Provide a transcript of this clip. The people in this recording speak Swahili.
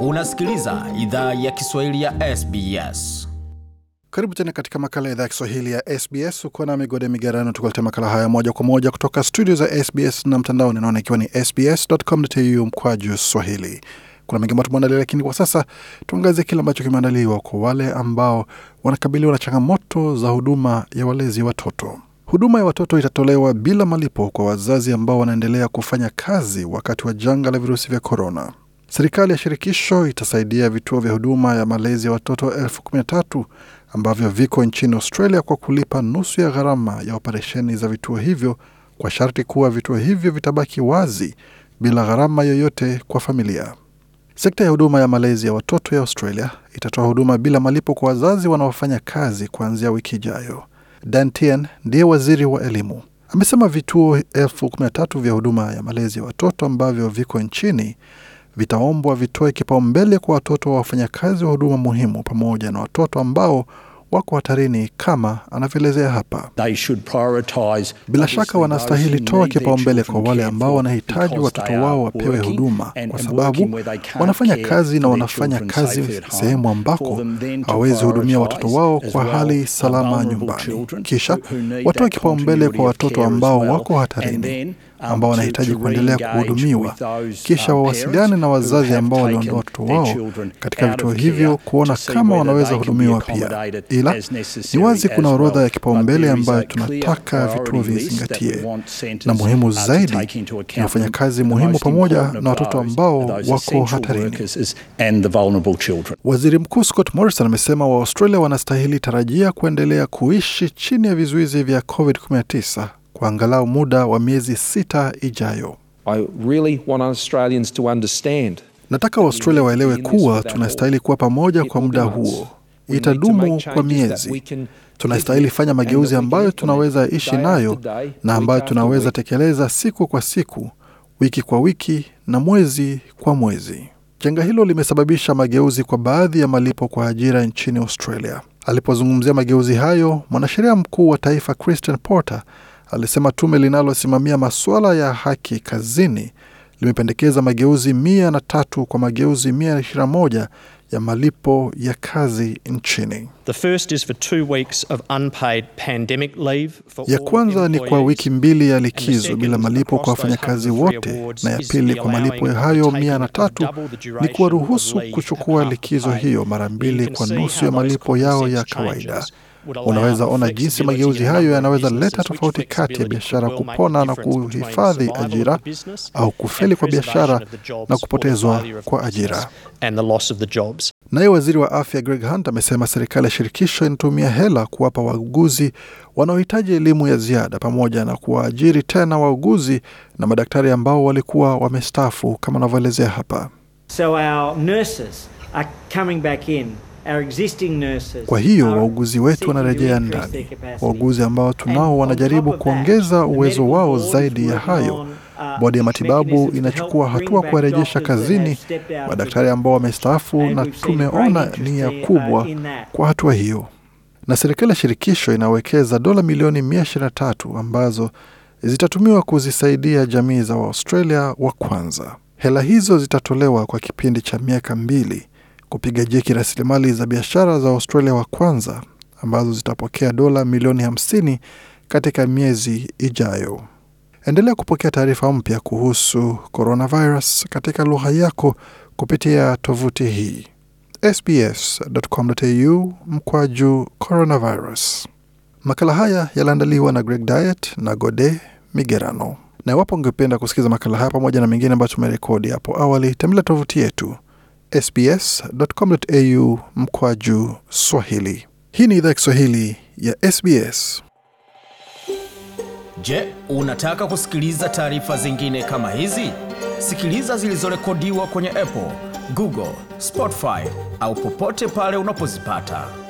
Unasikiliza idhaa ya Kiswahili ya SBS. Karibu tena katika makala ya idhaa ya Kiswahili ya SBS. Uko na Migode Migarano tukuletea makala haya moja kwa moja kutoka studio za SBS na mtandao ninaona ikiwa ni sbs.com.au mkwaju swahili. Kuna mengi ambayo tumeandalia, lakini kwa sasa tuangazie kile ambacho kimeandaliwa kwa wale ambao wanakabiliwa na changamoto za huduma ya walezi watoto. Huduma ya watoto itatolewa bila malipo kwa wazazi ambao wanaendelea kufanya kazi wakati wa janga la virusi vya korona. Serikali ya shirikisho itasaidia vituo vya huduma ya malezi ya watoto elfu kumi na tatu ambavyo viko nchini Australia kwa kulipa nusu ya gharama ya operesheni za vituo hivyo kwa sharti kuwa vituo hivyo vitabaki wazi bila gharama yoyote kwa familia. Sekta ya huduma ya malezi ya watoto ya Australia itatoa huduma bila malipo kwa wazazi wanaofanya kazi kuanzia wiki ijayo. Dan Tehan ndiye waziri wa elimu, amesema vituo elfu kumi na tatu vya huduma ya malezi ya watoto ambavyo viko nchini vitaombwa vitoe kipaumbele kwa watoto wa wafanyakazi wa huduma muhimu pamoja na watoto ambao wako hatarini kama anavyoelezea hapa. Bila shaka wanastahili toa kipaumbele kwa wale ambao wanahitaji watoto wao wapewe huduma, kwa sababu wanafanya kazi na wanafanya kazi sehemu ambako hawawezi hudumia watoto wao kwa hali salama nyumbani. Kisha watoe kipaumbele kwa watoto ambao wako hatarini ambao wanahitaji kuendelea kuhudumiwa, kisha uh, wawasiliane na wazazi ambao waliondoa watoto wao katika vituo hivyo kuona kama wanaweza hudumiwa pia. Ila ni wazi kuna orodha ya kipaumbele ambayo tunataka vituo vizingatie, na muhimu uh, zaidi ni wafanyakazi muhimu pamoja na watoto ambao wako hatarini. Waziri Mkuu Scott Morrison amesema Waaustralia wanastahili tarajia kuendelea kuishi chini ya vizuizi vya COVID-19 kwa angalau muda wa miezi sita ijayo. I really want Australians to understand. Nataka Waustralia waelewe kuwa tunastahili kuwa pamoja kwa muda huo, itadumu kwa miezi. Tunastahili fanya mageuzi ambayo tunaweza ishi nayo na ambayo tunaweza tekeleza siku kwa siku, wiki kwa wiki na mwezi kwa mwezi. Janga hilo limesababisha mageuzi kwa baadhi ya malipo kwa ajira nchini Australia. Alipozungumzia mageuzi hayo, mwanasheria mkuu wa taifa Christian Porter alisema tume linalosimamia masuala ya haki kazini limependekeza mageuzi mia na tatu kwa mageuzi mia ishirini na moja ya malipo ya kazi nchini. Ya kwanza ni kwa wiki mbili ya likizo bila malipo kwa wafanyakazi wote, na ya pili kwa malipo hayo mia na tatu ni kuwaruhusu kuchukua likizo hiyo mara mbili kwa nusu ya malipo yao ya kawaida. Unaweza ona jinsi mageuzi hayo yanaweza leta tofauti kati ya biashara kupona na kuhifadhi ajira au kufeli kwa biashara na kupotezwa kwa ajira. Naye waziri wa afya Greg Hunt amesema serikali ya shirikisho inatumia hela kuwapa wauguzi wanaohitaji elimu ya ziada pamoja na kuwaajiri tena wauguzi na madaktari ambao walikuwa wamestaafu, kama anavyoelezea hapa. So our nurses are coming back in. Kwa hiyo wauguzi wetu wanarejea ndani. Wauguzi ambao tunao wanajaribu kuongeza uwezo wao zaidi ya hayo. Uh, Bodi ya matibabu inachukua hatua kuwarejesha kazini madaktari ambao wamestaafu, na tumeona nia uh, kubwa kwa hatua hiyo, na serikali ya shirikisho inawekeza dola milioni 123 ambazo zitatumiwa kuzisaidia jamii za Waaustralia wa kwanza. Hela hizo zitatolewa kwa kipindi cha miaka mbili kupiga jeki rasilimali za biashara za Australia wa kwanza ambazo zitapokea dola milioni 50 katika miezi ijayo. Endelea kupokea taarifa mpya kuhusu coronavirus katika lugha yako kupitia tovuti hii sbs.com.au mkwaju coronavirus. Makala haya yaliandaliwa na Greg Diet na Gode Migerano, na iwapo ungependa kusikiza makala haya pamoja na mengine ambayo tumerekodi hapo awali, tembelea tovuti yetu sbs.com.au mkwaju Swahili. Hii ni idhaa Kiswahili ya SBS. Je, unataka kusikiliza taarifa zingine kama hizi? Sikiliza zilizorekodiwa kwenye Apple, Google, Spotify au popote pale unapozipata.